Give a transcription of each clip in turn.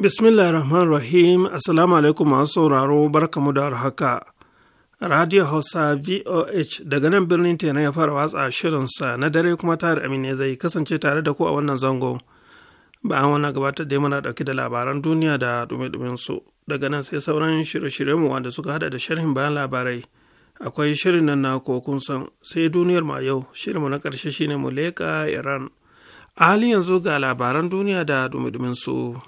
Bismillah rahman rahim Assalamu alaikum masu sauraro barkamu da haka. Radio Hausa VOH daga nan birnin Tena ya fara watsa shirinsa na dare kuma Amin amine zai kasance tare da ku a wannan zango. Bayan wannan gabatar da muna dauke da labaran duniya da dume su daga nan sai sauran shirye-shirye mu wanda suka hada da sharhin bayan labarai. Akwai shirin nan na kun san sai duniyar ma yau shirinmu na karshe shine mu leka Iran. A halin yanzu ga labaran duniya da dume su.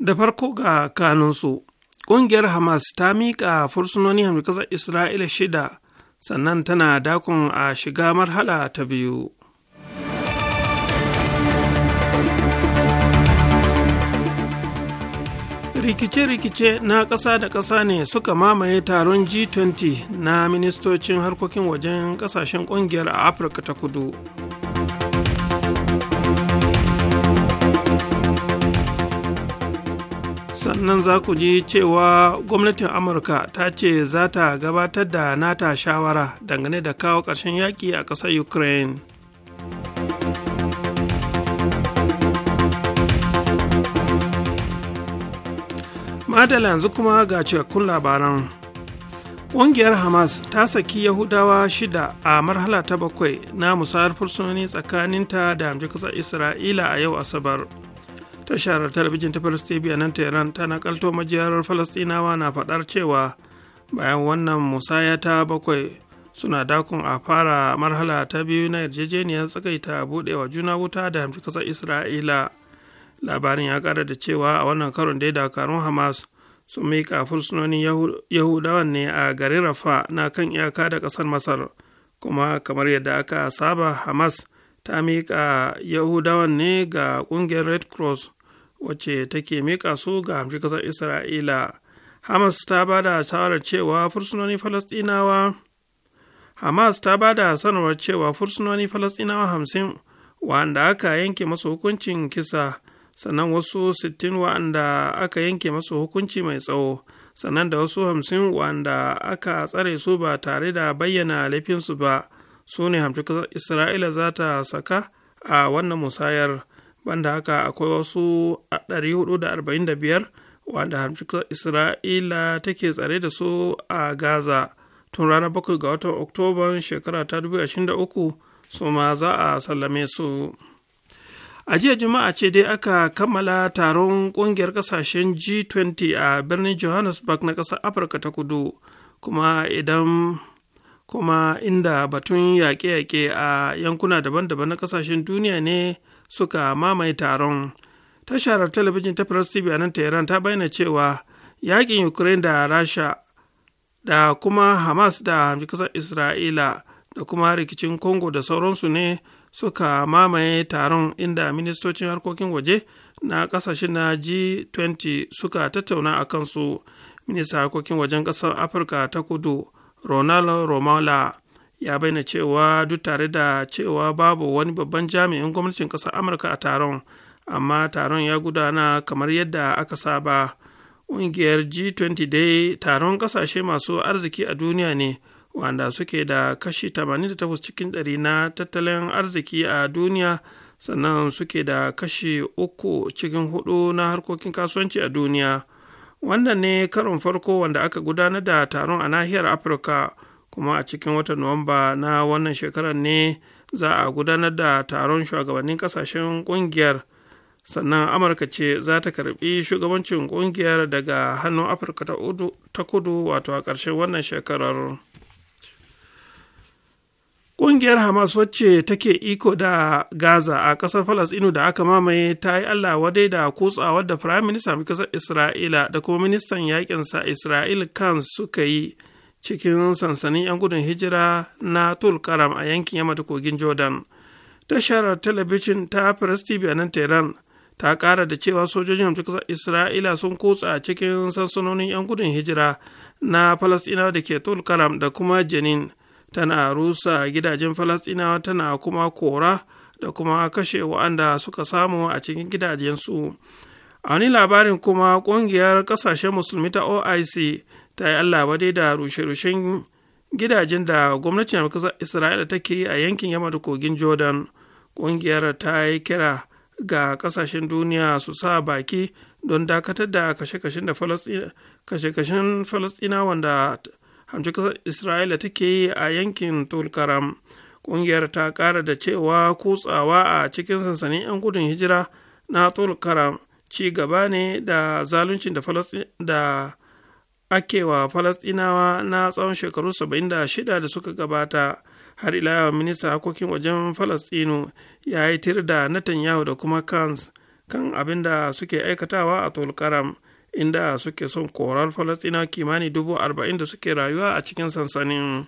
da farko ga kanunsu ƙungiyar hamas ta miƙa fursunoni hamdu isra'ila shida sannan tana dakon a shiga marhala ta biyu rikice-rikice na ƙasa da ƙasa ne suka mamaye taron g20 na ministocin harkokin wajen ƙasashen ƙungiyar a afirka ta kudu sannan za ku ji cewa gwamnatin amurka ta ce za ta gabatar da nata shawara dangane da kawo ƙarshen yaƙi a ƙasar ukraine madala yanzu kuma ga cikakkun labaran ƙungiyar hamas ta saki yahudawa shida a marhala ta bakwai na musayar fursunoni tsakaninta da hamji isra'ila a yau asabar tashar talabijin ta falastibi a nan tehran ta nakalto majiyar falastinawa na faɗar cewa bayan wannan musaya ta bakwai suna dakon a fara marhala ta biyu na yarjejeniyar tsakaita buɗewa juna wuta da hamshi ƙasar isra'ila labarin ya ƙara da cewa a wannan karon dai dakarun hamas sun miƙa fursunonin yahudawan ne a garin rafa na kan iyaka da ƙasar masar kuma kamar yadda aka saba hamas ta miƙa yahudawan ne ga ƙungiyar red cross wacce take miƙa su ga hamshi ƙasar isra'ila hamas ta ba da shawarar cewa fursunoni falastinawa hamas ta ba da sanarwar cewa fursunoni falastinawa hamsin wanda aka yanke masu hukuncin kisa sannan wasu sittin wanda aka yanke masu hukunci mai tsawo sannan da wasu hamsin wanda aka tsare su ba tare da bayyana laifinsu ba su ne hamshi ƙasar isra'ila za ta saka a wannan musayar banda haka akwai wasu a 445 wanda hamshiksar isra'ila take tsare da su a gaza tun ranar 7 ga watan oktoban shekara ta 2023 su ma za a sallame su a jiya juma'a ce dai aka kammala taron kungiyar kasashen g20 a birnin johannesburg na ƙasar afirka ta kudu kuma idan kuma inda batun yaƙe-yaƙe a yankuna daban-daban na ƙasashen duniya ne suka mamaye taron tashar talabijin ta press tv a nan tehran ta bayyana cewa yakin ukraine da rasha da kuma hamas da kasar isra'ila da kuma rikicin congo da sauransu ne suka mamaye taron inda ministocin harkokin waje na kasashen na g20 suka tattauna a kansu ministan harkokin wajen kasar afirka ta kudu ronald romola ya bayyana cewa duk tare da cewa babu wani babban jami'in gwamnatin ƙasar amurka a taron amma taron ya gudana kamar yadda aka saba ƙungiyar g20 dai taron ƙasashe masu arziki a duniya ne wanda suke da kashi 88 cikin ɗari na tattalin arziki a duniya sannan suke da kashi uku cikin hudu na harkokin kasuwanci a duniya wannan ne karon farko wanda aka gudanar da taron a nahiyar afirka kuma a cikin watan nuwamba na wannan shekarar ne za a gudanar da taron shugabannin kasashen kungiyar sannan amurka ce za ta karbi shugabancin kungiyar daga hannun afirka ta kudu wato a ƙarshen wannan shekarar Ƙungiyar Hamas wacce take iko da Gaza a ƙasar inu da aka mamaye ta yi Allah wadai da kutsawar da Firayim Minista ƙasar Isra'ila da kuma Ministan Yaƙinsa Isra'il kan suka yi cikin sansanin 'yan gudun hijira na tulkaram a yankin yamma da kogin jordan tashar talabijin ta press tv a nan tehran ta kara da cewa sojojin hamsin isra'ila sun kutsa cikin sansanonin 'yan gudun hijira na falastinawa da ke tulkaram da kuma jenin tana rusa gidajen falastinawa tana kuma kora da kuma kashe wa'anda suka samu a cikin gidajensu a wani labarin kuma ƙungiyar ƙasashen musulmi ta oic ta yi allah dai da rushe-rushen gidajen da gwamnatin isra'ila take yi a yankin yamma da kogin jordan ƙungiyar ta yi kira ga ƙasashen duniya su sa baki don dakatar da kashe-kashen da kashe-kashen falastina wanda hamci ƙasar isra'ila take yi a yankin tulkaram ƙungiyar ta ƙara da cewa kutsawa a cikin sansanin 'yan gudun hijira na tulkaram ci gaba ne da zaluncin da akewa Falasɗinawa na tsawon shekaru 76 da suka gabata har ila yawan ministan harkokin wajen falasɗinu ya yi tir da netanyahu da kuma kans kan abin da suke aikatawa a tolkaram inda suke son korar falastinawa kimani dubu arba'in da suke rayuwa a cikin sansanin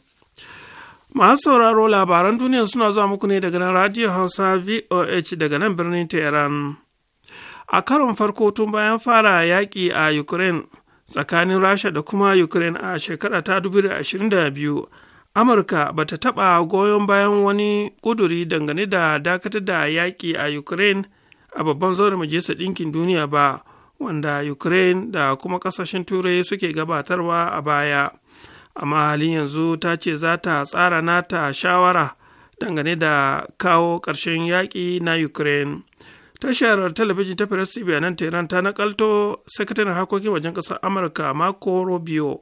masu sauraro labaran duniya suna zuwa muku ne daga nan radio hausa voh daga nan birnin tehran a karon farko tun bayan fara yaƙi a ukraine tsakanin rasha da kuma ukraine a shekara ta 2022 amurka ba ta taɓa goyon bayan wani ƙuduri dangane da dakatar da yaƙi a ukraine a babban zaurin majalisar ɗinkin duniya ba wanda ukraine da kuma ƙasashen turai suke gabatarwa a baya amma halin yanzu ta ce za ta tsara nata shawara dangane da kawo ƙarshen yaƙi na ukraine tashar talabijin ta firas tv nan tehran ta nakalto sakataren harkokin wajen ƙasar amurka marco rubio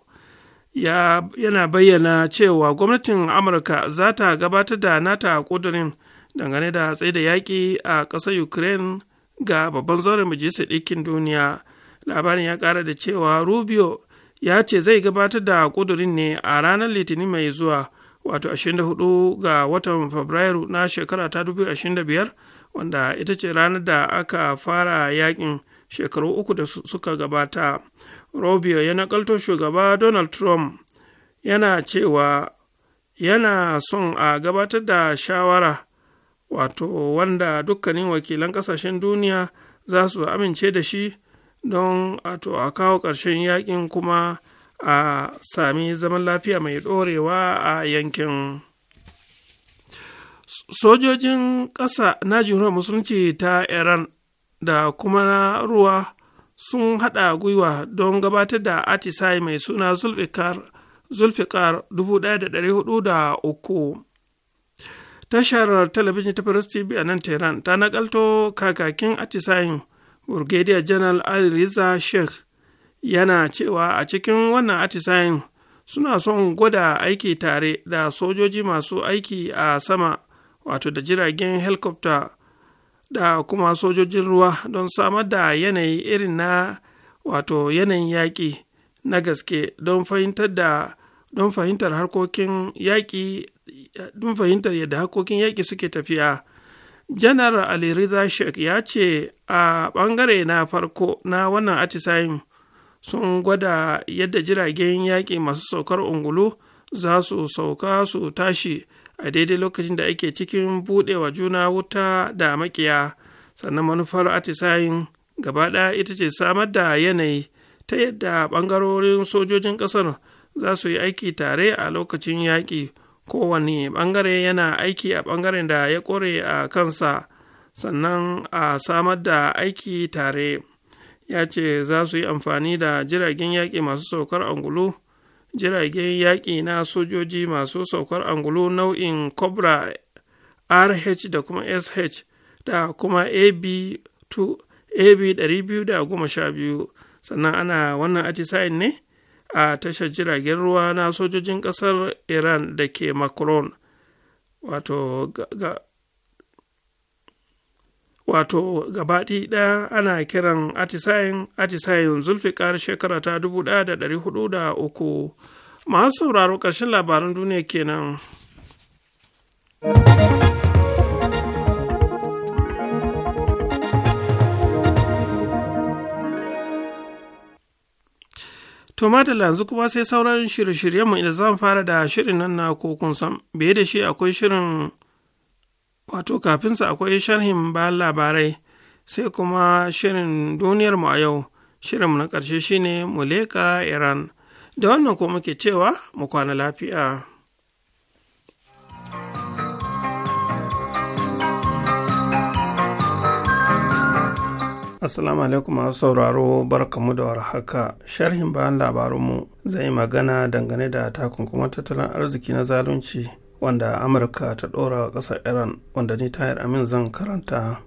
ya yana bayyana cewa gwamnatin amurka za ta gabatar da nata ƙudurin dangane da tsaye da yaƙi a ƙasar ukraine ga babban zauren majalisar ɗinkin duniya labarin ya kara da cewa rubio ya ce zai gabatar da ƙudurin ne a ranar litinin mai zuwa wato 24 ga watan fabrairu na shekara ta 2025 wanda ita ce ranar da aka fara yakin shekaru uku da suka gabata robio ya nakalto shugaba donald trump yana cewa yana son a gabatar da shawara wato wanda dukkanin wakilan kasashen duniya za su amince da shi don ato a kawo ƙarshen yakin kuma a sami zaman lafiya mai ɗorewa a yankin. sojojin ƙasa na jihar musulunci ta iran da kuma na ruwa sun haɗa gwiwa don gabatar da atisai mai suna zulfikar 1403 tashar talabijin ta faris tv a nan tehran ta nakalto kakakin atisayin brigadier general ali riza sheikh yana cewa a cikin wannan atisayin suna son gwada aiki tare da sojoji masu aiki a sama wato da jiragen helikofta da kuma sojojin ruwa don samar da yanayi irin na wato yanayin yaƙi na gaske don fahimtar da don fahimtar harkokin yaƙi don fahimtar yadda harkokin yaƙi suke tafiya janar ali riza sheikh ya ce a ɓangare na farko na wannan atisayin sun gwada yadda jiragen yaƙi masu saukar ungulu za su sauka su tashi a daidai lokacin da ake cikin buɗewa juna wuta da makiya sannan manufar atisayin gaba ɗaya ita ce samar da yanayi ta yadda ɓangarorin sojojin ƙasar za su yi aiki tare a lokacin yaƙi kowane ɓangare yana aiki a ɓangaren da ya ƙware a kansa sannan a samar da aiki tare ya ce za su yi amfani da jiragen yaƙi masu saukar angulu jiragen yaƙi na sojoji masu saukar angulu nau'in cobra rh da kuma sh da kuma ab-212 sannan ana wannan atisayin ne a tashar jiragen ruwa na sojojin ƙasar iran da ke macron wato wato gabaɗi ɗaya ana kiran atisayin atisayin zulfikar shekara ta uku masu sauraro ƙarshen labaran duniya kenan. To madalla yanzu kuma sai sauran shirye-shiryenmu idan zan fara da shirin nan na kokun sam, da shi akwai shirin wato kafinsa akwai sharhin bayan labarai sai kuma shirin duniyarmu a yau shirinmu na ƙarshe shine muleka iran da wannan ko muke cewa mu kwana lafiya Assalamu alaikum masu sauraro barkamu da warhaka sharhin bayan labarunmu zai magana dangane da takunkuman tattalin arziki na zalunci wanda amurka ta ɗora wa ƙasar iran wanda ni tayar amin zan karanta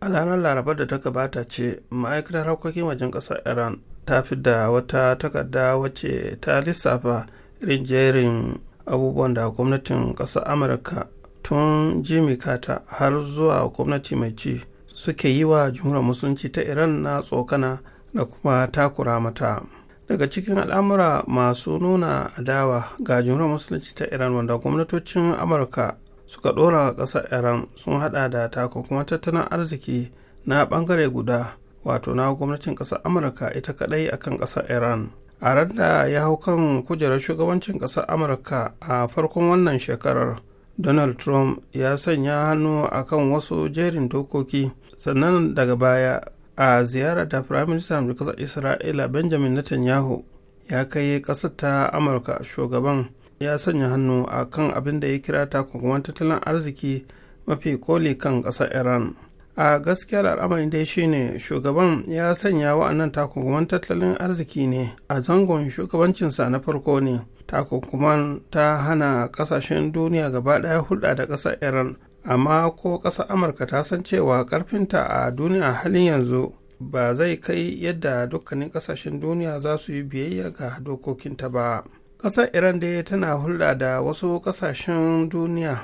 a ranar larabar da ta gabata ce ma'aikatar harkokin wajen ƙasar iran ta fi da wata takarda wacce ta lissafa irin jerin abubuwan da gwamnatin ƙasar amurka tun jimmy carter har zuwa gwamnati mai ci suke yi wa jumhuriyar musulunci ta iran na tsokana da kuma takura mata daga cikin al'amura masu nuna adawa ga jumhuriyar musulunci ta iran wanda gwamnatocin amurka suka ɗora a ƙasar iran sun hada da takunkuma tattalin arziki na bangare guda wato na gwamnatin ƙasar amurka ita kadai akan ƙasar iran a ran da ya hau kan kujerar shugabancin ƙasar amurka a farkon wannan shekarar donald trump ya sanya hannu akan wasu jerin dokoki sannan daga baya a ziyarar da firaministan amurka isra'ila benjamin netanyahu ya kai ƙasar ta amurka shugaban ya sanya hannu a kan abin da ya kira takunkuman tattalin arziki mafi koli kan ƙasar iran a gaskiyar al'amarin dai shine shugaban ya sanya wa'annan takunkuman tattalin arziki ne a zangon shugabancinsa na farko ne takunkuman ta hana kasashen duniya gaba ɗaya hulɗa da ƙasar iran amma ko ƙasar amurka ta san cewa ƙarfinta a duniya halin yanzu ba zai kai yadda dukkanin ƙasashen duniya za su yi biyayya ga dokokinta ba ƙasar iran dai tana hulɗa da wasu ƙasashen duniya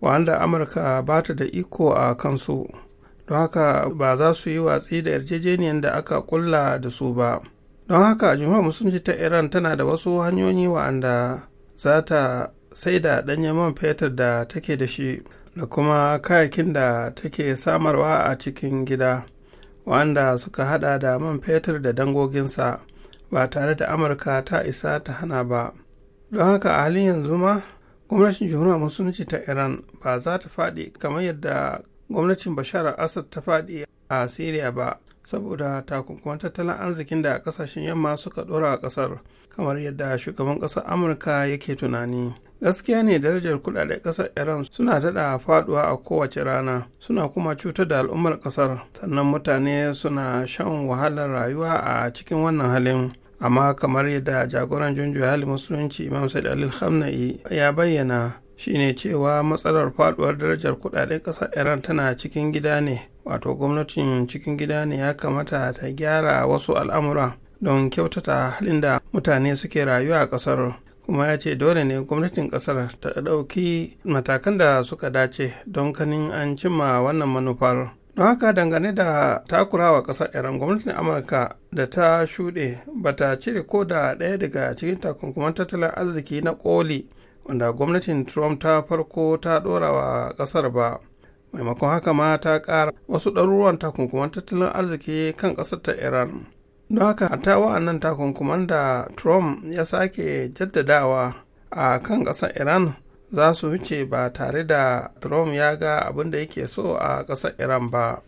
wanda amurka ba ta da iko a kansu don haka ba za su yi watsi da yarjejeniyar da aka kulla da su ba don haka juma'a musulunci ta iran tana da wasu hanyoyi wa'anda za ta sai da ɗanyen man fetur da take da shi da kuma kayakin da take samarwa a cikin gida wanda suka hada da man fetur da dangoginsa ba tare da amurka ta isa ta hana ba don haka a halin yanzu ma gwamnatin jihuna musulunci ta iran ba za ta faɗi kamar yadda gwamnatin bashar al-assad ta faɗi a syria ba saboda takunkuman tattalin arzikin da kasashen yamma suka ɗora a kasar kamar yadda shugaban ƙasar amurka yake tunani gaskiya ne darajar kudaden kasar iran suna daɗa faduwa a kowace rana suna kuma cutar da al'ummar kasar sannan mutane suna shan wahalar rayuwa a cikin wannan halin amma kamar yadda jagoran junju halin musulunci imam sa'id alil khamnai ya bayyana shine cewa matsalar faduwar darajar kudaden kasar iran tana cikin gida ne wato gwamnatin cikin gida ne ya kamata ta gyara wasu al'amura don kyautata halin da mutane suke rayuwa a kasar kuma ya ce dole ne gwamnatin kasar ta ɗauki matakan da suka dace don kanin an cimma wannan manufar don haka dangane da takurawa kasar iran gwamnatin amurka da ta shuɗe ba ta cire ko da ɗaya daga cikin takunkuman tattalin arziki na koli wanda gwamnatin trump ta farko ta ɗora wa kasar ba maimakon haka ma ta ƙara wasu ɗaruruwan takunkuman tattalin arziki kan ƙasar ta iran don haka ta nan takunkuman da trump ya sake jaddadawa a kan ƙasar iran za su wuce ba tare da trump ya ga abin da yake so a ƙasar iran ba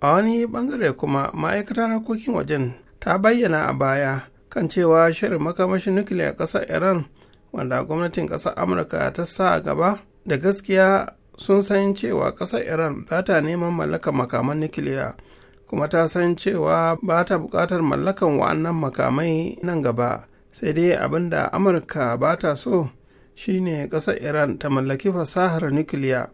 a wani bangare kuma ma'aikatar harkokin wajen ta bayyana a baya kan cewa shirin makamashin nukiliya ƙasar iran wanda gwamnatin ƙasar amurka ta sa gaba da gaskiya sun san cewa ƙasar iran ba ta neman mallakar makaman nukiliya kuma ta san cewa ba ta buƙatar mallakan wa'annan makamai nan gaba sai dai abin da amurka ba ta so shine ƙasar iran ta mallaki fasahar nukiliya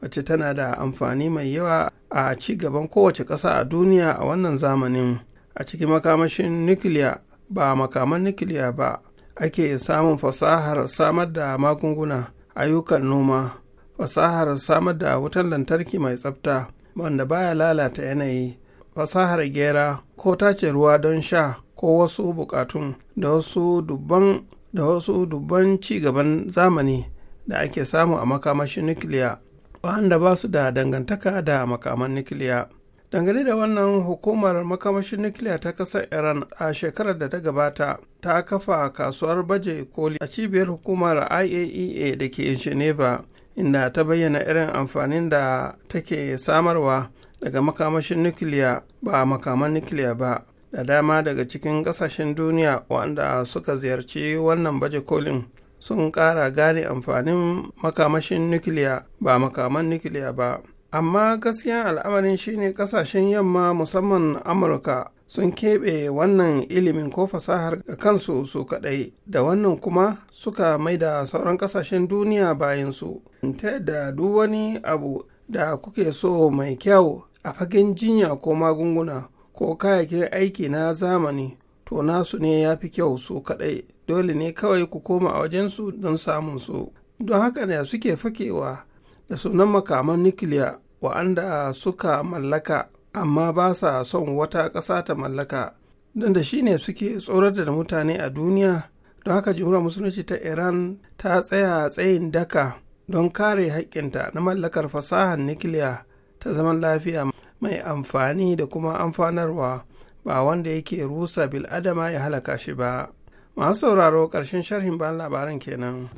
wacce tana da amfani mai yawa a ci gaban kowace ƙasa a duniya a wannan zamanin a cikin makamashin nukiliya ba makaman nukiliya ba ake samun fasahar samar da magunguna ayyukan noma fasahar samar da wutan lantarki mai tsafta wanda baya lalata yanayi fasahar gera ko tace ruwa don sha ko wasu bukatun da wasu dubban ci gaban zamani da ake samu a makamashin nukiliya waɗanda ba su da dangantaka da makaman nukiliya dangane da wannan hukumar makamashin nukiliya ta ƙasar iran a shekarar da ta gabata ta kafa kasuwar baje koli a cibiyar hukumar iaea e da ke geneva inda ta bayyana irin amfanin da take samarwa daga makamashin nukiliya ba makaman nukiliya ba da dama daga cikin kasashen duniya wanda suka ziyarci wannan baje kolin sun kara gane amfanin makamashin nukiliya ba makaman nukiliya ba amma gaskiya al'amarin shine kasashen yamma musamman amurka sun keɓe wannan ilimin ko fasahar ga kansu su kaɗai da wannan kuma suka maida sauran kasashen duniya bayansu ta yadda duk wani abu da kuke so mai kyau a fagen jinya ko magunguna ko kayakin aiki na zamani to nasu ne ya fi kyau su kaɗai dole ne kawai ku koma a wajensu don samun su don haka ne suke fakewa da sunan makaman nukiliya wa'anda suka mallaka amma ba sa son wata ƙasa ta mallaka don da shine suke tsorata da mutane a duniya don haka jimura musulunci ta iran ta tsaya tsayin daka don kare haƙƙinta na mallakar fasahar nukiliya ta zaman lafiya mai amfani da kuma amfanarwa ba wanda yake rusa bil'adama ya halaka shi ba masu sauraro ƙarshen sharhin bayan labaran kenan.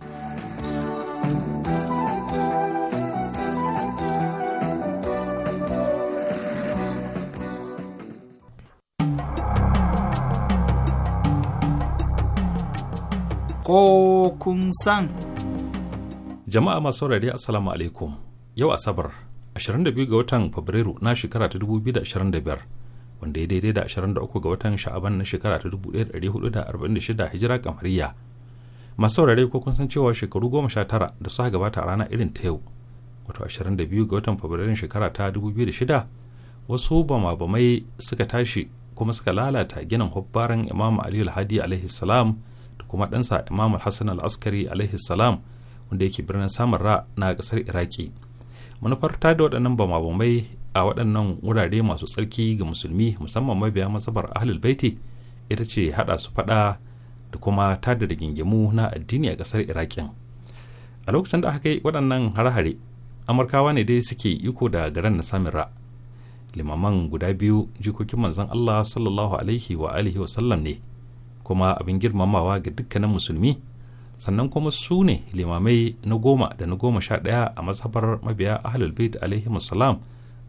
ko kun san. Jama'a masu saurari Assalamu alaikum, yau Asabar 22 ga watan fabrairu na shekara ta 2025 wanda ya daidai da 23 ga watan sha'aban na shekara ta 1446 hijira kamariya masu saurare ko kun san cewa shekaru 19 da suka gabata a rana irin ta yau wato 22 ga watan fabrairun shekara ta 2006 wasu bama-bamai suka tashi kuma suka lalata ginin hubbaran imam ali alhadi alaihi salam da kuma ɗansa imam hassan al-askari alaihi salam wanda yake birnin samarra na ƙasar iraki manufar ta da waɗannan bamabamai a waɗannan wurare masu tsarki ga musulmi musamman mabiya masabar ahlul baiti ita ce haɗa su faɗa da kuma ta da gingimu na addini a ƙasar iraƙin a lokacin da aka kai waɗannan hare-hare amurkawa ne dai suke iko da garan na samira limaman guda biyu jikokin manzon allah sallallahu alaihi wa alihi wa sallam ne kuma abin girmamawa ga dukkanin musulmi sannan kuma su ne limamai na goma da na goma sha ɗaya a mazhabar mabiya ahlul bait alaihi salam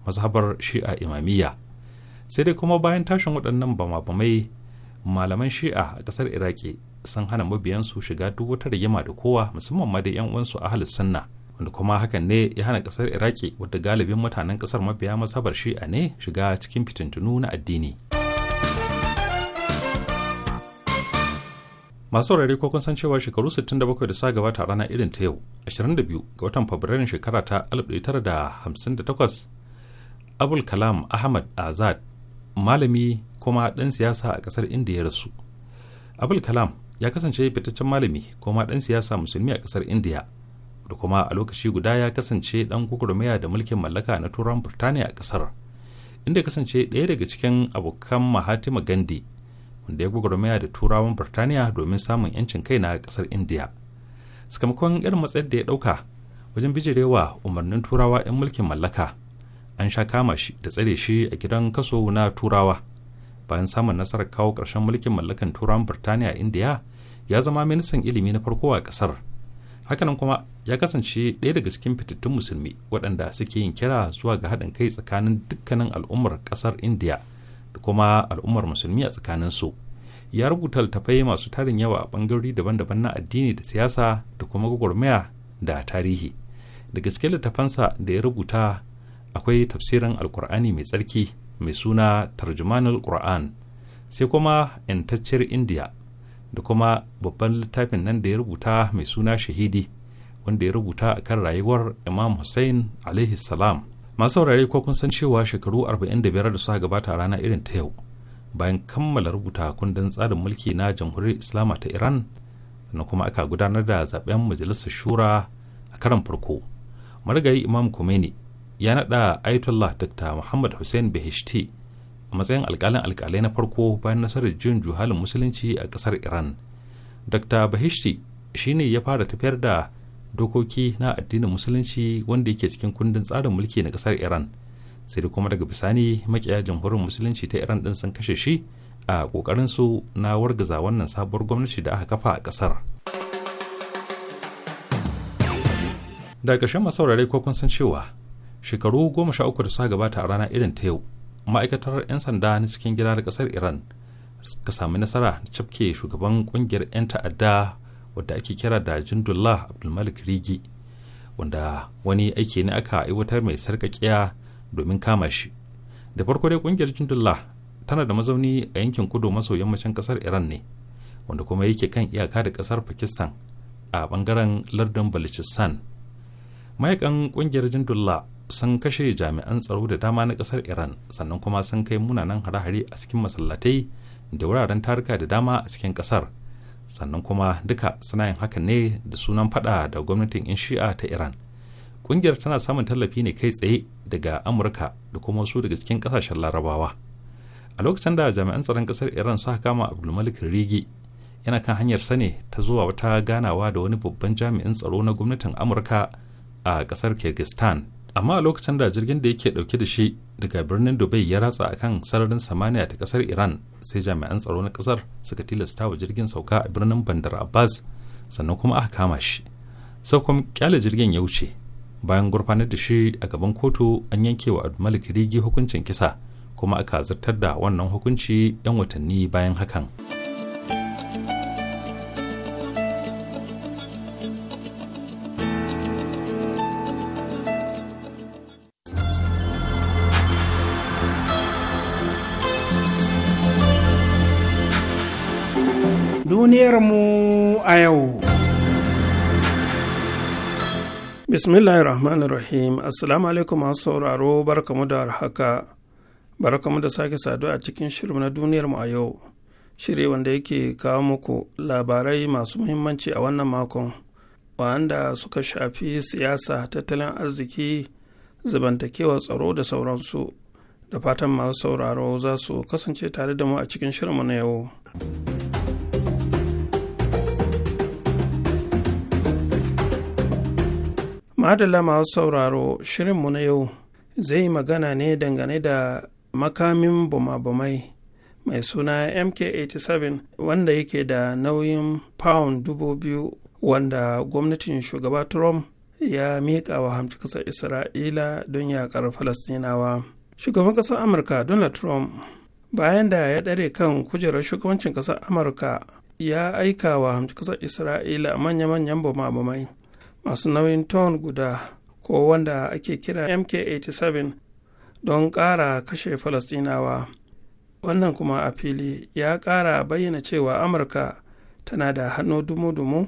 mazhabar shi'a imamiyya sai dai kuma bayan tashin waɗannan bama-bamai malaman shi'a a ƙasar iraki sun hana mabiyansu shiga duk wata rigima da kowa musamman ma da 'yan uwansu ahlus sunna wanda kuma hakan ne ya hana ƙasar iraki wadda galibin mutanen ƙasar mabiya mazhabar shi'a ne shiga cikin fitintunu na addini. masu saurare ko kun san cewa shekaru 67 da sa gabata a rana irin ta yau 22 ga watan fabrairun shekara ta 1958 abul kalam ahmad azad malami kuma ɗan siyasa a ƙasar indiya ya rasu abul kalam ya kasance fitaccen malami kuma ɗan siyasa musulmi a ƙasar indiya da kuma a lokaci guda ya kasance ɗan gugurmaya da mulkin mallaka na turan burtaniya a ƙasar inda ya kasance ɗaya daga cikin abokan mahatima gandhi da ya gwagwarmaya da turawan birtaniya domin samun yancin kai na kasar indiya sakamakon irin matsayar da ya dauka wajen bijirewa umarnin turawa 'yan mulkin mallaka an sha kama shi da tsare shi a gidan kaso na turawa bayan samun nasarar kawo karshen mulkin mallakan turawan birtaniya indiya ya zama ministan ilimi na farko a ƙasar hakanan kuma ya kasance ɗaya daga cikin fitattun musulmi waɗanda suke yin kira zuwa ga haɗin kai tsakanin dukkanin al'ummar ƙasar indiya kuma al'ummar musulmi a tsakanin su ya rubuta littattafai masu tarin yawa a bangarori daban-daban na addini da siyasa da kuma gwagwarmaya da tarihi da gaske littafansa da ya rubuta akwai tafsirin alkur'ani mai tsarki mai suna tarjumanul qur'an sai kuma intacciyar indiya da kuma babban littafin nan da ya rubuta mai suna shahidi wanda ya rubuta akan rayuwar imam hussein alaihi salam masu saurare ko kun san cewa shekaru 45 da suka gabata a rana irin ta yau bayan kammala rubuta kundin tsarin mulki na jamhuriyar islama ta iran na kuma aka gudanar da zaben majalisar shura a karan farko marigayi imam khomeini ya naɗa ayatollah dr muhammad hussein behishti a matsayin alkalin alkalai na farko bayan nasarar jin juhalin musulunci a ƙasar iran dr bahishti shine ya fara tafiyar da dokoki na addinin musulunci wanda yake cikin kundin tsarin mulki na kasar iran sai da kuma daga bisani makiya jamhurin musulunci ta iran din sun kashe shi a kokarin su na wargaza wannan sabuwar gwamnati da aka kafa a kasar daga ƙarshen saurare ko kun san cewa shekaru goma sha uku da suka gabata a rana irin ta yau ma'aikatar 'yan sanda na cikin gida da kasar iran suka sami nasara da cafke shugaban kungiyar 'yan ta'adda wadda ake kira da jindullah abdulmalik rigi wanda wani aiki ne aka aiwatar mai sarkakiya domin kama shi da farko dai kungiyar jindullah tana da mazauni a yankin kudu maso yammacin kasar iran ne wanda kuma yake kan iyaka da kasar pakistan a bangaren lardin balochistan mayakan kungiyar jindullah sun kashe jami'an tsaro da dama na kasar iran sannan kuma sun kai munanan hare-hare a cikin masallatai da wuraren taruka da dama a cikin kasar sannan kuma duka suna yin hakan ne da sunan fada da gwamnatin in shi'a ta iran kungiyar tana samun tallafi ne kai tsaye daga amurka da kuma wasu daga cikin kasashen larabawa a lokacin da jami'an tsaron kasar iran suka kama abdulmalik rigi yana kan hanyar sani ta zuwa wata ganawa da wani babban jami'in tsaro na gwamnatin amurka a kasar kyrgyzstan amma a lokacin da jirgin da yake dauke da shi daga birnin dubai ya ratsa a kan sararin samaniya ta kasar iran sai jami'an tsaro na kasar suka tilasta wa jirgin sauka a birnin bandar abbas sannan kuma aka kama shi sau kuma kyale jirgin ya wuce bayan gurfanar da shi a gaban kotu an yanke wa malik rigi hukuncin kisa kuma aka zartar da wannan hukunci 'yan watanni bayan hakan. duniyarmu a yau. Bismillahir Rahmanir Rahim, Assalamu alaikum masu sauraro barkamu da haka, barkamu da sake saduwa a cikin shirin na duniyarmu a yau, shiri wanda yake kawo muku labarai masu muhimmanci a wannan makon, wanda suka shafi siyasa, tattalin arziki, zabantakewa tsaro da sauransu. Da fatan masu sauraro za su kasance tare da mu a cikin shirinmu na yau. madalla masu sauraro shirinmu na yau zai magana ne dangane da makamin bumabumai mai suna mk-87 wanda yake da nauyin pound dubu biyu wanda gwamnatin shugaba trump ya miƙa wa hamci ƙasar isra'ila don yaƙar falastinawa shugaban ƙasar amurka donald trump bayan da ya ɗare kan kujerar shugabancin ƙasar amurka ya aika wa hamci ƙasar isra'ila manya-manyan bumabumai masu nauyin ton guda ko wanda ake kira mk-87 don ƙara kashe falastinawa wannan kuma a fili ya ƙara bayyana cewa amurka tana da hannu dumu-dumu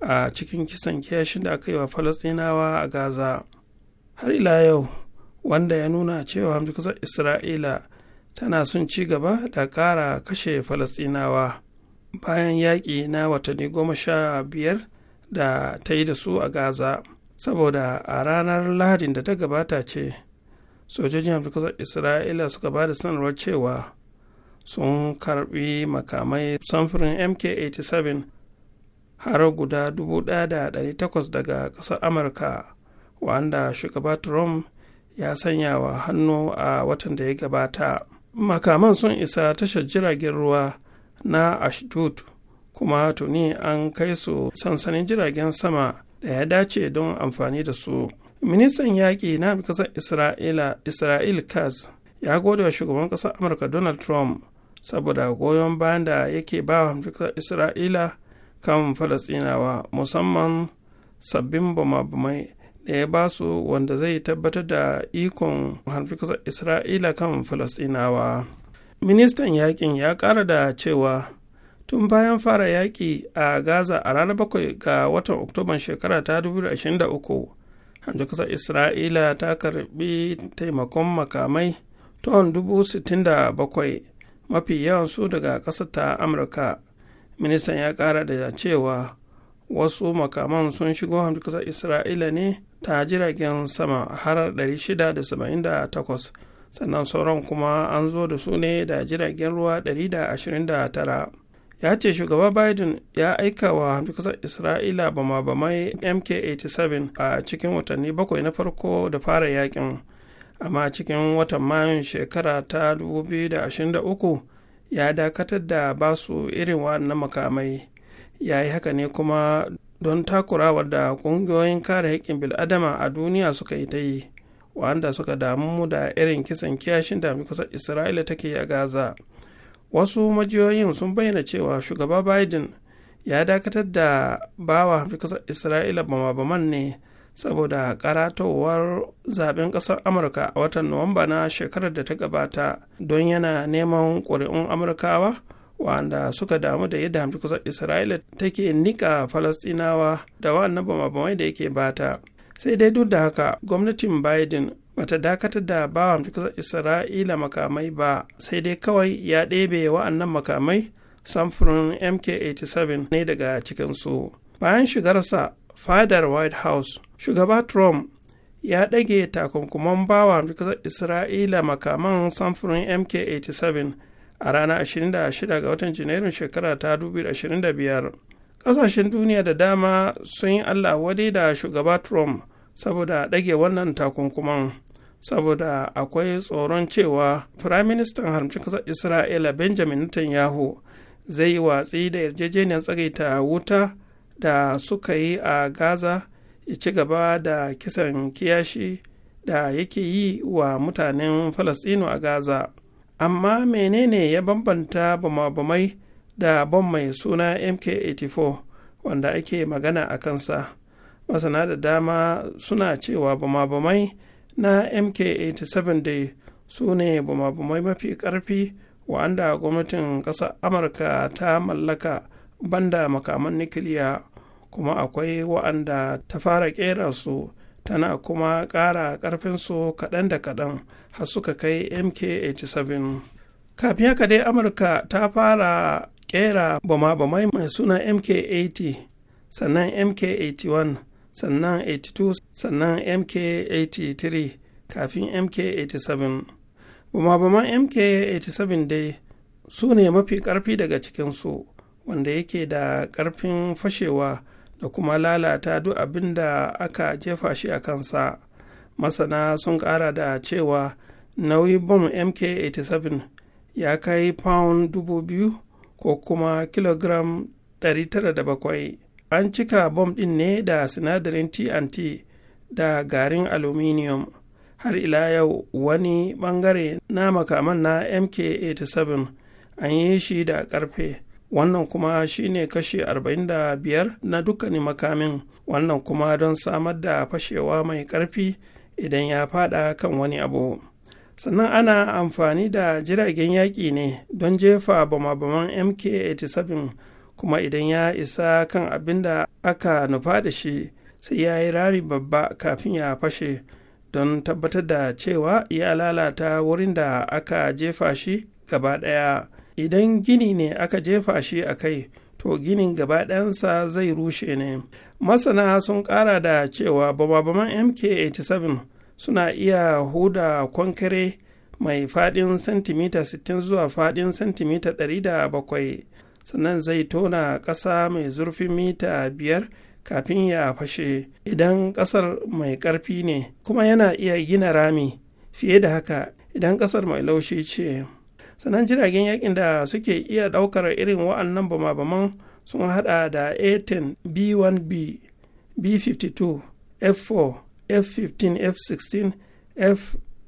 a cikin kisan kiyashin da aka yi wa falastinawa a gaza har ila yau wanda ya nuna cewa kusan isra'ila tana sun ci gaba da ƙara kashe falastinawa bayan yaƙi na watanni goma sha biyar da ta yi da su a gaza saboda a ranar lahadin da ta gabata ce sojojin amurka isra'ila suka ba da sanarwar cewa sun karbi makamai samfurin mk-87 har guda 1,800 daga ƙasar amurka wanda shugaba trump ya sanya wa hannu a watan da ya gabata makaman sun isa tashar jiragen ruwa na ashdod kuma tuni an kai su sansanin jiragen sama da ya dace don amfani da su ministan yaƙi na ƙasar isra'ila isra'il kaz ya gode wa shugaban ƙasar amurka donald trump saboda goyon bayan da yake ba wa ƙasar isra'ila kan falasɗinawa musamman sabbin bama-bamai da ya ba su wanda zai tabbatar da ikon ƙasar isra'ila kan falasɗinawa ministan yaƙin ya ƙara da cewa tun bayan fara yaƙi a gaza a ranar 7 ga watan oktoban shekara ta 2023 hanzu kasar isra'ila ta karbi taimakon makamai ton 67,000 mafi yawan su daga ƙasar ta amurka ministan ya ƙara da cewa wasu makaman sun shigo hanzu kasar isra'ila ne ta jiragen sama har 678 sannan sauran kuma an zo da su ne da jiragen ruwa 129 ya ce shugaba biden ya aika wa kasar isra'ila bama-bamai mk-87 a cikin watanni bakwai na farko da fara yakin amma cikin watan mayun shekara ta 2023 ya dakatar da basu irin waɗannan makamai ya yi haka ne kuma don takurawar da ƙungiyoyin kare haƙƙin bil'adama a duniya suka yi ta yi wanda suka damu da irin kisan kiyashin da kusa isra'ila take a gaza wasu majiyoyin sun bayyana cewa shugaba biden ya dakatar da bawa kasar isra'ila bama-baman ne saboda karatowar zaben kasar amurka a watan nuwamba na shekarar da ta gabata don yana neman ƙuri'un amurkawa wanda suka damu da yadda hamdi kusan isra'ila take nika falastinawa da wannan bama-bamai da yake bata sai dai duk da haka gwamnatin biden bata dakatar da bawa kasar isra'ila makamai ba sai dai kawai ya ɗebe wa'annan makamai samfurin mk-87 ne daga cikinsu bayan shigarsa fadar white house shugaba trump ya ɗage takunkuman bawa kasar isra'ila makaman samfurin mk-87 a rana 26 ga watan janairun shekara ta 2025 ƙasashen duniya da dama sun yi allah wadai da shugaba trump saboda ɗage wannan takunkuman saboda akwai tsoron cewa firaministan haramcin ƙasar isra'ila benjamin netanyahu zai yi watsi da yarjejeniyar tsagaita wuta da suka yi a gaza ya ci gaba da kisan kiyashi da yake yi wa mutanen falasɗinu a gaza amma menene ya bambanta bama-bamai da bom mai suna mk-84 wanda ake magana a kansa masana da dama suna cewa bama na mk-87 da su ne bama mafi ƙarfi wa'anda gwamnatin ƙasar amurka ta mallaka banda makaman nukiliya kuma akwai wa'anda ta fara ƙera su tana kuma ƙara ƙarfinsu kaɗan da kaɗan har suka kai mk-87 kafin haka dai amurka ta fara ƙera bama-bamai mai suna mk-80 sannan mk-81 sannan 82 sannan mk83 kafin mk87 baman mk87 dai su ne mafi ƙarfi daga cikinsu wanda yake da ƙarfin fashewa da kuma lalata duk abin da aka jefa shi a kansa masana sun kara da cewa nauyin bom mk87 ya kai pound 2000 ko kuma kilogram 907 an cika bom ɗin ne da sinadarin tnt da garin aluminium har ila yau wani ɓangare na makaman na mk-87 an yi shi da ƙarfe wannan kuma shine kashe 45 na dukkanin makamin wannan kuma don samar da fashewa mai ƙarfi idan ya fada kan wani abu sannan ana amfani da jiragen yaƙi ne don jefa bama-baman mk-87 kuma idan ya isa kan abin da aka nufa da shi sai ya yi rami babba kafin ya fashe don tabbatar da cewa ya lalata wurin da aka jefa shi gaba ɗaya idan gini ne aka jefa shi a kai to ginin gaba ɗayansa zai rushe ne masana sun ƙara da cewa bababaman mk-87 suna iya huda kwankare mai faɗin sentimita 60 zuwa faɗin sentimita 107 sannan zai tona ƙasa mai zurfin mita biyar kafin ya fashe idan ƙasar mai ƙarfi ne kuma yana iya gina rami fiye da haka idan ƙasar mai laushi ce sannan jiragen yakin da suke iya ɗaukar irin wa'annan bama-baman sun haɗa da a10 b1b b52 f4 f15 f16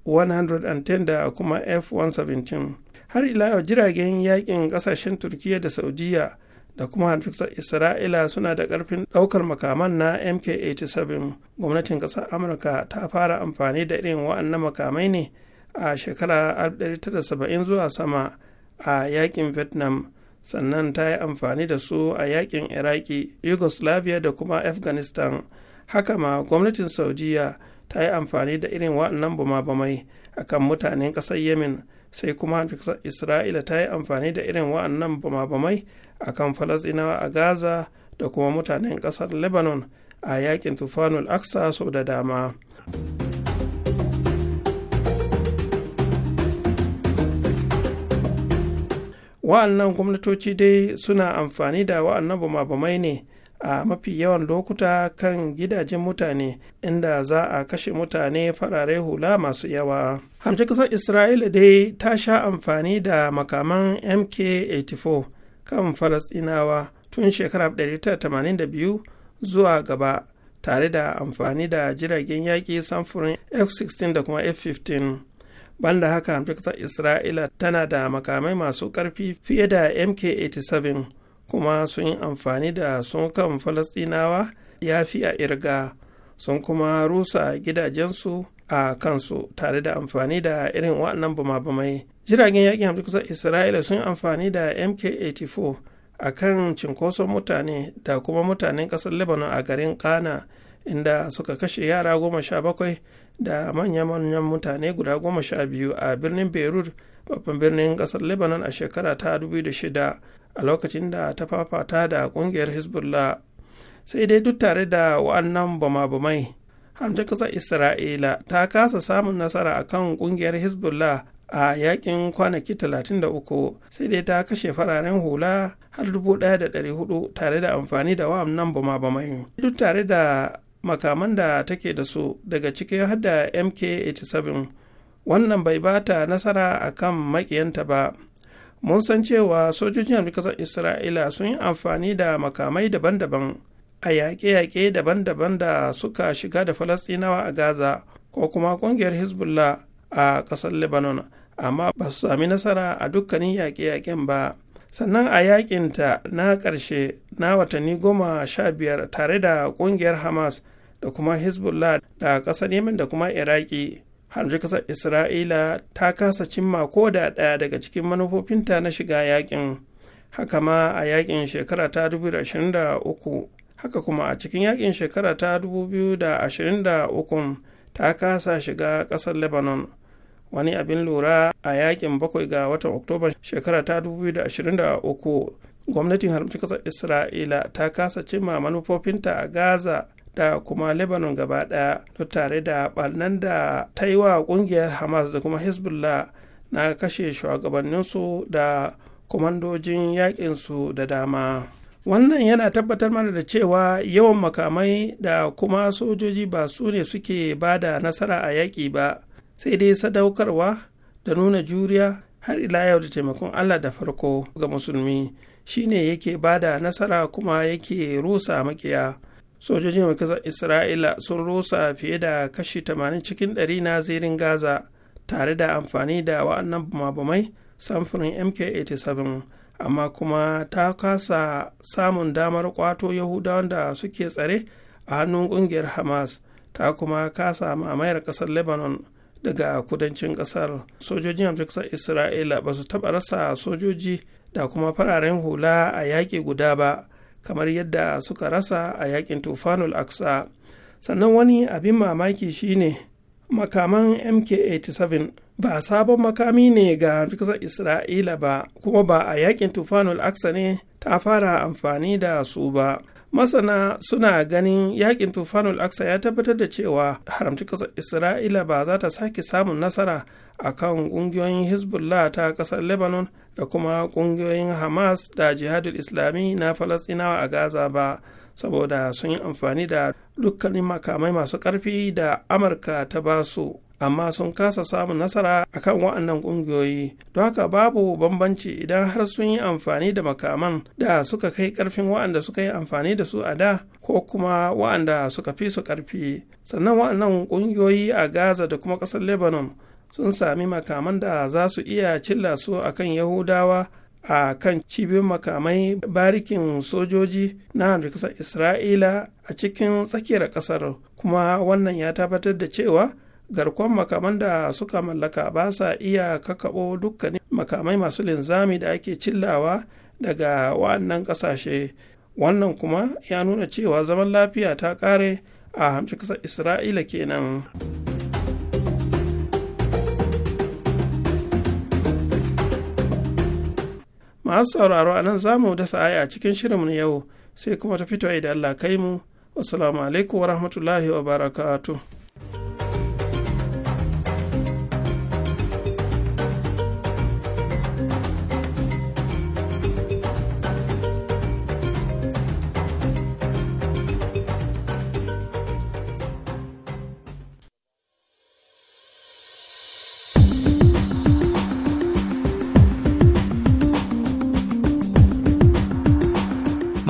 f110 da kuma f117 har ila yau jiragen yakin kasashen turkiya da saudiya da kuma hanfiksar isra'ila suna da karfin daukar makaman na mk-87 gwamnatin kasar amurka ta fara amfani da irin wa'annan makamai ne a shekara 1970 zuwa sama a yakin vietnam sannan ta yi amfani da su a yakin iraki yugoslavia da kuma afghanistan haka ma gwamnatin saudiya ta yi amfani da irin wa'annan bama-bamai a kan mutanen ƙasar yemen sai kuma isra'ila ta yi amfani da irin wa'annan bama-bamai a kan falasinawa a gaza da kuma mutanen ƙasar lebanon a yakin tufanul aksa sau da dama wa'annan gwamnatoci dai suna amfani da wa'annan bama-bamai ne a mafi yawan lokuta kan gidajen mutane inda za a kashe mutane farare hula masu yawa hamci kasar isra'ila dai ta sha amfani da makaman mk-84 kan Falasɗinawa tun shekarar 1982 zuwa gaba tare da amfani da jiragen yaƙi samfurin f-16 da kuma f-15 banda haka hamci kasar isra'ila tana da makamai masu ƙarfi fiye da mk-87 kuma sun yi amfani da sun kan falastinawa ya fi a irga sun kuma rusa gidajensu a kansu tare da amfani da irin waɗannan bama-bamai jiragen yakin hamsin kusa isra'ila sun yi amfani da mk-84 a kan cinkoson mutane da kuma mutanen ƙasar lebanon a garin kana inda suka kashe yara goma sha bakwai da manya-manyan mutane guda goma sha biyu a birnin beirut babban birnin ƙasar lebanon a shekara ta 2006 a lokacin da ta fafata da ƙungiyar hezbollah sai dai duk tare da wa'annan bama-bamai hamshe Kasar isra'ila ta kasa samun nasara akan ƙungiyar hezbollah a yakin kwanaki 33 sai dai ta kashe fararen hula har 1,400 tare da amfani da wa'annan bama-bamai duk tare da makaman da take da su daga cikin da mk-87 wannan bai bata nasara akan makiyanta ba mun san cewa sojojin amurkasar isra'ila sun yi amfani da makamai daban-daban a yaƙe-yaƙe daban-daban da suka shiga da falastinawa a gaza ko kuma ƙungiyar hezbollah a ƙasar lebanon amma ba su sami nasara a dukkanin yaƙe-yaƙen ba sannan a yaƙinta na ƙarshe na watanni goma sha biyar tare da ƙungiyar hamas da kuma hezbollah da ƙasar yemen da kuma iraki harjin kasar isra'ila ta kasa cimma ko da ɗaya daga cikin manufofinta na shiga yakin haka ma a yakin shekara ta 2023 haka kuma a cikin yakin shekara ta 2023 ta kasa shiga ƙasar lebanon wani abin lura a yakin bakwai ga watan oktoba shekara ta 2023 gwamnatin haramcin ƙasar isra'ila ta kasa cimma manufofinta a gaza da kuma lebanon gaba ɗaya to tare da barnan da ta yi wa ƙungiyar hamas da kuma hezbollah na kashe shugabanninsu da kwamandojin yakinsu da dama wannan yana tabbatar mana da cewa yawan makamai da kuma sojoji ba su ne suke ba da nasara a yaƙi ba sai dai sadaukarwa da nuna juriya har ila yau da taimakon allah da farko ga musulmi shine yake ba da nasara kuma yake rusa makiya sojojin makasar isra'ila sun rusa fiye da kashi 80 cikin 100 na zirin gaza tare da amfani da wa'annan bumabumai samfurin mk-87 amma kuma ta kasa samun damar kwato yahudawan da suke tsare a hannun kungiyar hamas ta kuma kasa mamayar kasar lebanon daga kudancin kasar sojojin amsar isra'ila ba su taɓa rasa sojoji da kuma fararen hula a yaƙi guda ba kamar yadda suka rasa a yakin tufanul aksa sannan wani abin mamaki shine makaman mk-87 ba sabon makami ne ga kasar isra'ila ba kuma ba a yakin tufanul aksa ne ta fara amfani da su ba masana suna ganin yakin tufanul aksa ya tabbatar da cewa haramci kasar isra'ila ba za ta sake samun nasara akan ƙungiyoyin hezbollah ta ƙasar lebanon da kuma ƙungiyoyin hamas da jihadul islami na falastinawa a gaza ba saboda sun yi amfani da dukkanin makamai masu ƙarfi da amurka ta basu amma sun kasa samun nasara akan wa'annan ƙungiyoyi don haka babu bambanci idan har sun yi amfani da makaman da suka kai ƙarfin wa'anda suka yi amfani da su a da ko kuma wa'anda suka fi su ƙarfi sannan wa'annan ƙungiyoyi a gaza da kuma ƙasar lebanon sun sami makaman da za su iya cilla su a kan yahudawa a kan cibiyoyin makamai barikin sojoji na kasar isra'ila a cikin tsakiyar kasar kuma wannan ya tabbatar da cewa garkon makaman da suka mallaka ba sa iya kakaɓo dukkanin makamai masu linzami da ake cillawa daga wannan ƙasashe wannan kuma ya nuna cewa zaman lafiya ta kare a hamshi ƙasar isra'ila kenan. masu sauraro a nan zamu mu dasa aya a cikin shirin shirinmu yau sai kuma ta fito da Allah kai mu. Assalamu alaikum wa rahmatullahi wa barakatuh.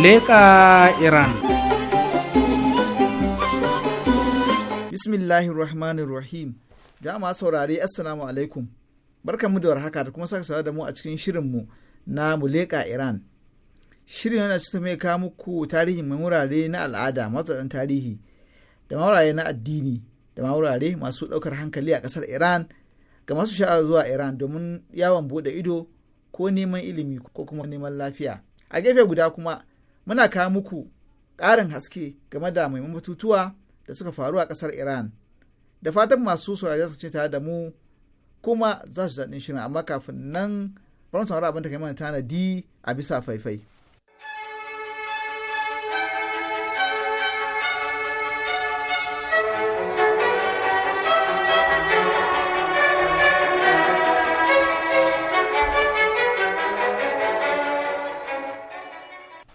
leka iran bismillahir rahmanir rahim jama'a saurare assalamu alaikum barkanmu da warhaka da kuma saka sawa da mu a cikin shirinmu na muleka iran shirin yana cikin mai kawo muku tarihin mai wurare na al'ada masu tarihi da maurare na addini da maurare masu ɗaukar hankali a ƙasar iran ga masu sha'awar zuwa iran domin yawon buɗe ido ko neman ilimi ko kuma neman lafiya a gefe guda kuma muna kawo muku ƙarin haske game da muhimman batutuwa da suka faru a ƙasar Iran. Da fatan masu saurari su ce tare da mu kuma za su daɗin shirin amma kafin nan bari mu abin da kai mana tanadi a bisa faifai.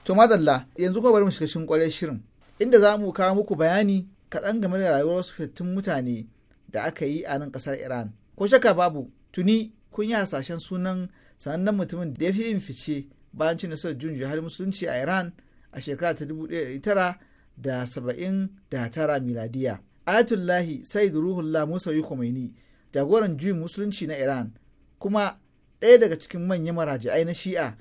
to madalla yanzu kuma bari mu shiga cikin kwarai shirin inda za mu kawo muku bayani kaɗan game da rayuwar wasu fitattun mutane da aka yi a nan ƙasar iran ko shakka babu tuni kun yi hasashen sunan sanannen mutumin da ya fi yin fice bayan cin nasarar jun juhar musulunci a iran a shekara ta dubu saba'in da tara miladiya ayatullahi said ruhullah musa khomeini jagoran juyin musulunci na iran kuma ɗaya daga cikin manyan marajiai na shi'a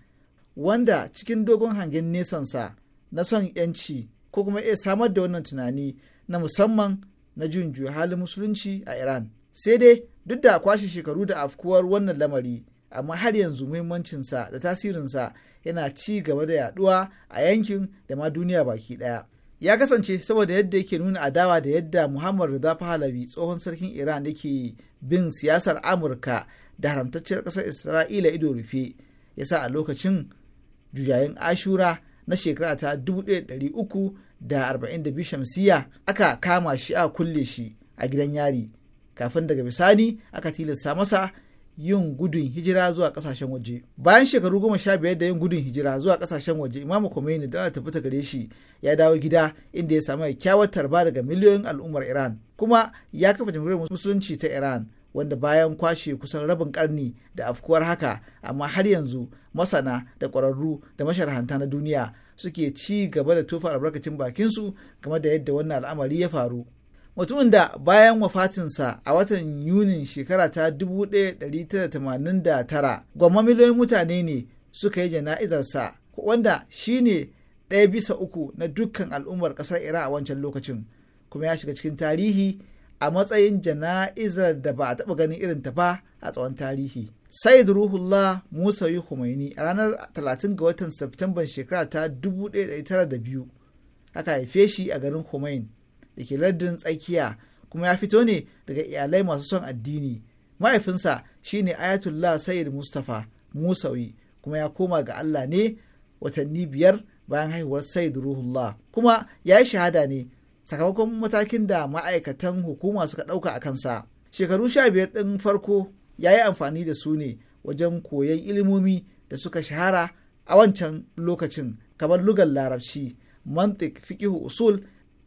wanda cikin dogon hangen nesansa na son yanci ko kuma iya samar da wannan tunani na musamman na jin halin musulunci a iran sai dai duk da kwashe shekaru da afkuwar wannan lamari amma har yanzu muhimmancinsa da tasirinsa yana ci gaba da yaduwa a yankin da ma duniya baki daya ya kasance saboda yadda yake nuna adawa da yadda muhammad rida pahlavi tsohon sarkin iran yake bin siyasar amurka da haramtacciyar ƙasar isra'ila ido rufe ya sa a lokacin juyayin ashura na shekara ta 1342 shamsiya aka kama shi a kulle shi a gidan yari kafin daga bisani aka tilasta masa yin gudun hijira zuwa kasashen waje bayan shekaru goma sha biyar da yin gudun hijira zuwa kasashen waje imamu khomeini da tafi ta gare shi ya dawo gida inda ya samu kyakkyawar tarba daga miliyoyin al'ummar iran kuma ya kafa jamhuriyar musulunci ta iran wanda bayan kwashe kusan rabin karni da afkuwar haka amma har yanzu masana da ƙwararru da masharhanta na duniya suke ci gaba da tofa albarkacin bakinsu game da yadda wannan al'amari ya faru mutumin da bayan wafatinsa a watan yunin shekara ta 1989 gwamma miliyoyin mutane ne suka yi jana'izarsa wanda shine ɗaya bisa uku na dukkan al'ummar ƙasar iran a wancan lokacin kuma ya shiga cikin tarihi a matsayin jana'izar da ba a taɓa ganin irin ta ba a tsawon tarihi Said Ruhullah Musa yi Khomeini a ranar 30 ga watan Septemban shekara ta 1902 aka haife shi a garin Khomein da ke lardin tsakiya kuma ya fito ne daga iyalai masu son addini. Mahaifinsa shine Ayatullah Said Mustapha Musawi kuma ya koma ga Allah ne watanni biyar bayan haihuwar Said Ruhullah kuma ya yi shahada ne sakamakon matakin da ma'aikatan hukuma suka ɗauka a kansa. Shekaru sha biyar ɗin farko ya yi amfani da su ne wajen koyon ilimomi da suka shahara a wancan lokacin kamar lugar larabci mantik fiqihu usul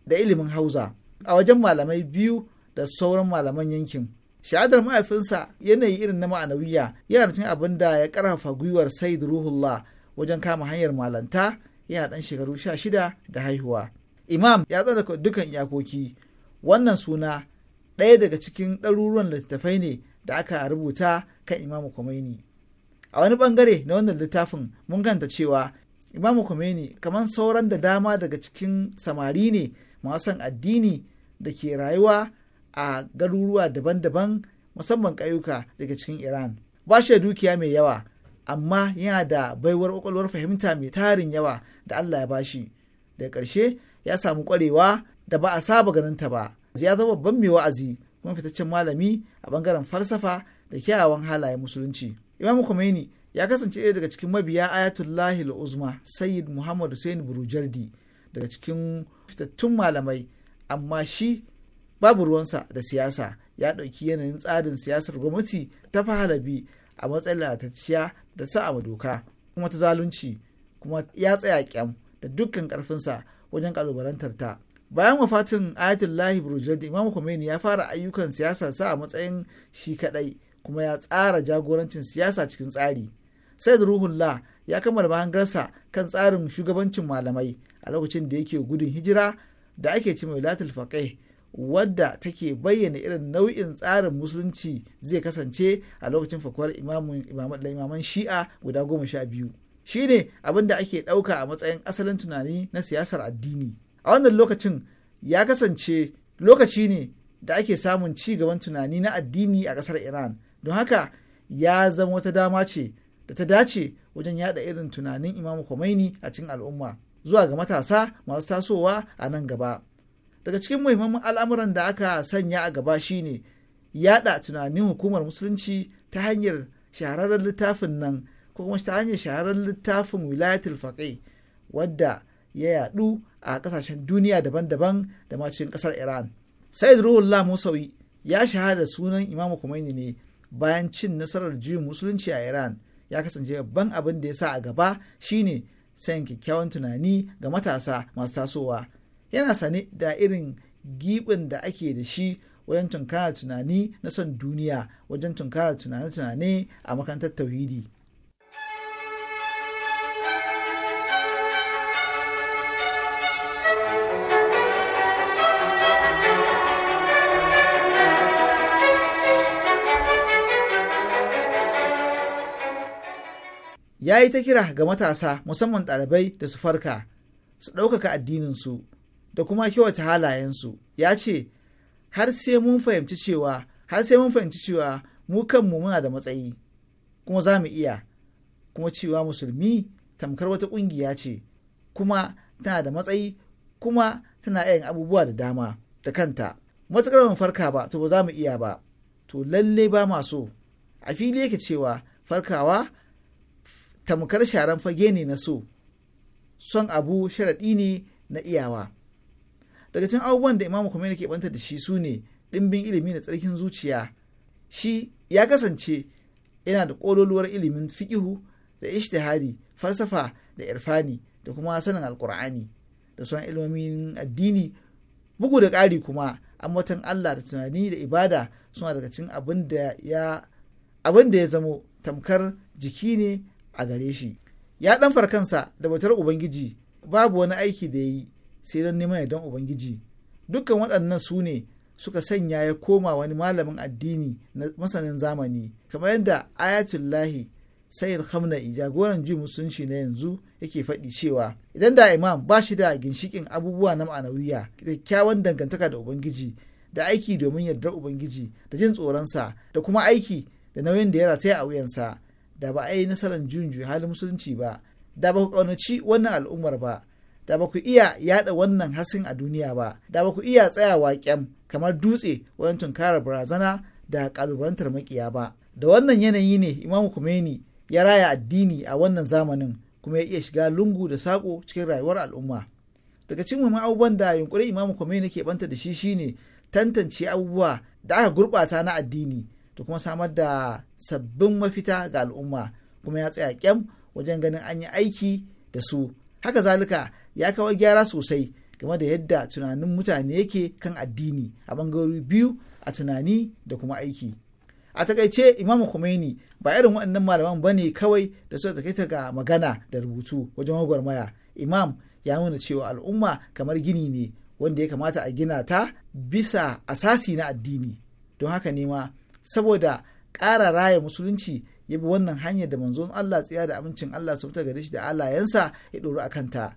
da ilimin hauza a wajen malamai biyu da sauran malaman yankin shahadar mahaifinsa yanayi irin na ma'anawiya yana cin abin da ya karfafa gwiwar said ruhullah wajen kama hanyar malanta yana ɗan shekaru sha shida da haihuwa imam ya tsara dukan iyakoki wannan suna ɗaya daga cikin ɗaruruwan littattafai ne da aka rubuta kan imamu Khomeini. A wani bangare na wannan littafin mun ganta cewa imamu Khomeini kamar sauran da dama daga cikin samari ne masu addini da ke rayuwa a garuruwa daban-daban musamman ƙauyuka daga cikin Iran. Ba shi da dukiya mai yawa, amma yana da baiwar ƙwaƙwalwar fahimta mai tarin yawa da Allah ya bashi. Daga ƙarshe ya samu ƙwarewa da ba a saba ganin ta ba. Ya zama babban mai wa'azi kuma fitaccen malami a bangaren falsafa da kyawawan halayen musulunci imam khomeini ya kasance ɗaya daga cikin mabiya ayatullahi uzma sayyid muhammad hussein burujardi daga cikin fitattun malamai amma shi babu ruwansa da siyasa ya ɗauki yanayin tsarin siyasar gwamnati ta fi halabi a matsayin lalatacciya da sa a doka kuma ta zalunci kuma ya tsaya kyam da dukkan ƙarfinsa wajen ƙalubalantar ta bayan wafatin ayatullahi burjadi imam khomeini ya fara ayyukan siyasar sa a matsayin shi kadai kuma ya tsara jagorancin siyasa cikin tsari said ruhullah ya kammala mahangarsa kan tsarin shugabancin malamai a lokacin da yake gudun hijira da ake ci mai latul faqih wadda take bayyana irin nau'in tsarin musulunci zai kasance a lokacin fakuwar imaman shi'a guda goma sha biyu shine abin da ake ɗauka a matsayin asalin tunani na siyasar addini a wannan lokacin ya kasance lokaci ne da ake samun ci gaban tunani na addini a ƙasar iran don haka ya zama wata dama ce da ta dace wajen yada irin tunanin imamu Khomeini a cikin al'umma zuwa ga matasa masu tasowa a nan gaba daga cikin muhimman al'amuran da aka sanya a gaba shine yada tunanin hukumar musulunci ta hanyar shahararren littafin nan ko kuma ta hanyar shahararren littafin wilayatul faqih wadda ya yaɗu a ƙasashen duniya daban-daban da ma cikin kasar iran said ruhullah musawi ya shahada sunan imamu kumaini ne bayan cin nasarar juyin musulunci a iran ya kasance babban abin da ya sa a gaba shine sayan kyakkyawan tunani ga matasa masu tasowa yana sane da irin gibin da ake da shi wajen tunkarar tunani na son duniya wajen tunkarar tunane-tunane a makarantar tauhidi ya yi ta kira ga matasa musamman ɗalibai da su farka su ɗaukaka addininsu da kuma kyawata halayensu ya ce har sai mun fahimci cewa har sai mun fahimci cewa mu kanmu muna da matsayi kuma za mu iya kuma cewa musulmi tamkar wata ƙungiya ce kuma tana da matsayi kuma tana yin abubuwa da dama da kanta matuƙar mun farka ba to ba za mu iya ba to lalle ba ma so a fili yake cewa farkawa tamkar sharan fage ne na so son abu sharaɗi ne na iyawa daga cin abubuwan da imamu Khomeini ke banta da shi su ne ɗimbin ilimi da tsarkin zuciya shi ya kasance yana da ƙololuwar ilimin fikihu da ishtihari falsafa da irfani da kuma sanin alkur'ani da son ilimomin addini bugu da ƙari kuma ambaton Allah da tunani da ibada suna daga cikin abin da ya zamo tamkar jiki ne a gare shi ya dan farkansa da bautar ubangiji babu wani aiki da ya yi sai don neman yardan ubangiji dukkan waɗannan su ne suka sanya ya koma wani malamin addini na masanin zamani kamar yadda ayatullahi sayyid i jagoran ji musulunci na yanzu yake faɗi cewa idan da imam ba shi da ginshikin abubuwa na ma'anawiya kyakkyawan dangantaka da ubangiji da aiki domin yardar ubangiji da jin tsoronsa da kuma aiki da nauyin da ya rataya a wuyansa da ba a yi nasarar junju halin musulunci ba da ba ku ƙaunaci wannan al'ummar ba da ba ku iya yada wannan hasin a duniya ba da ba ku iya tsayawa kyam kamar dutse wajen tunkarar barazana da kalubalantar makiya ba da wannan yanayi ne imam kumeni ya raya addini a wannan zamanin kuma ya iya shiga lungu da saƙo cikin rayuwar al'umma daga cikin muhimman abubuwan da yunkurin imam kumeni ke banta da shi shine tantance abubuwa da aka gurɓata na addini da kuma samar da sabbin mafita ga al'umma kuma ya tsaya kyam wajen ganin an yi aiki da su haka zalika ya kawo gyara sosai game da yadda tunanin mutane yake kan addini a bangarori biyu a tunani da kuma aiki a takaice imamu Khomeini ba irin waɗannan malaman bane kawai da suka takaita ga magana da rubutu wajen gwagwarmaya imam ya nuna cewa al'umma kamar gini ne wanda ya kamata a gina ta bisa asasi na addini don haka ne ma saboda ƙara raya musulunci ya bi wannan hanyar da manzon Allah tsiya da amincin Allah su fita gare shi da alayensa ya ɗoru a kanta.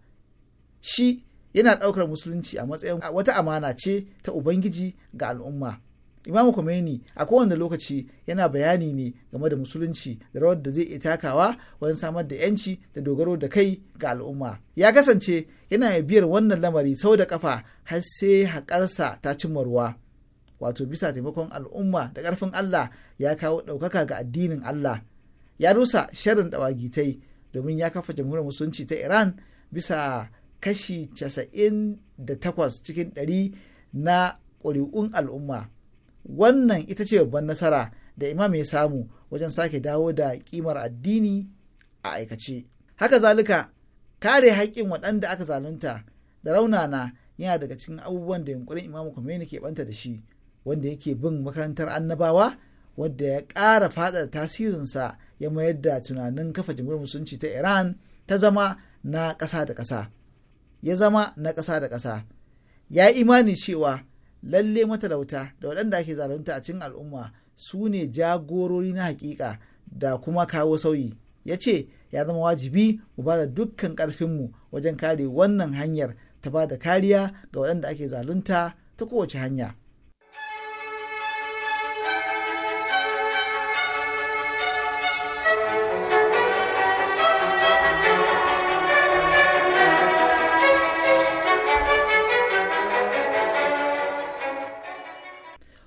Shi yana ɗaukar musulunci a matsayin wata amana ce ta Ubangiji ga al'umma. Imam Khomeini a kowane lokaci yana bayani ne game da musulunci da rawar da zai iya takawa wajen samar da yanci da dogaro da kai ga al'umma. Ya kasance yana biyar wannan lamari sau da kafa har sai haƙarsa ta cimma ruwa. wato bisa taimakon al'umma da ƙarfin Allah ya kawo ɗaukaka ga addinin Allah ya rusa sharin ɗawagitai domin ya kafa jamhuriyar musulunci ta Iran bisa kashi casa'in da takwas cikin ɗari na ƙuri'un al'umma wannan ita ce babban nasara da imam ya samu wajen sake dawo da ƙimar addini a aikace haka zalika kare haƙƙin waɗanda aka zalunta da raunana yana daga cikin abubuwan da yunkurin imam Khomeini ke banta da shi wanda yake bin makarantar annabawa wadda ya ƙara faɗaɗa tasirinsa ya mayar da tunanin kafa jamhuriyar musulunci ta iran ta zama na ƙasa da ƙasa ya zama na ƙasa da ƙasa ya yi imani cewa lalle matalauta da waɗanda ake zalunta a cikin al'umma su ne jagorori na hakika da kuma kawo sauyi ya ce ya zama wajibi mu ba da dukkan ƙarfinmu wajen kare wannan hanyar ta ba da kariya ga waɗanda ake zalunta ta kowace hanya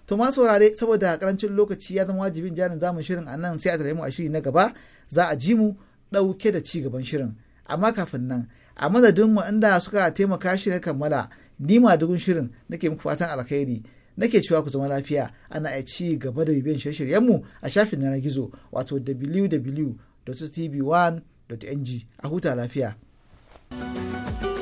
to ma saurare saboda karancin lokaci ya zama wajibin jarin zamu shirin a nan sai a tare mu a shiri na gaba za a ji mu ɗauke da ci gaban shirin amma kafin nan a madadin waɗanda suka taimaka shirin kammala ni ma dugun shirin nake muku fatan alkhairi nake cewa ku zama lafiya ana a ci gaba da bibiyan shirye mu a shafin na gizo wato www.tv1.ng a huta lafiya. thank you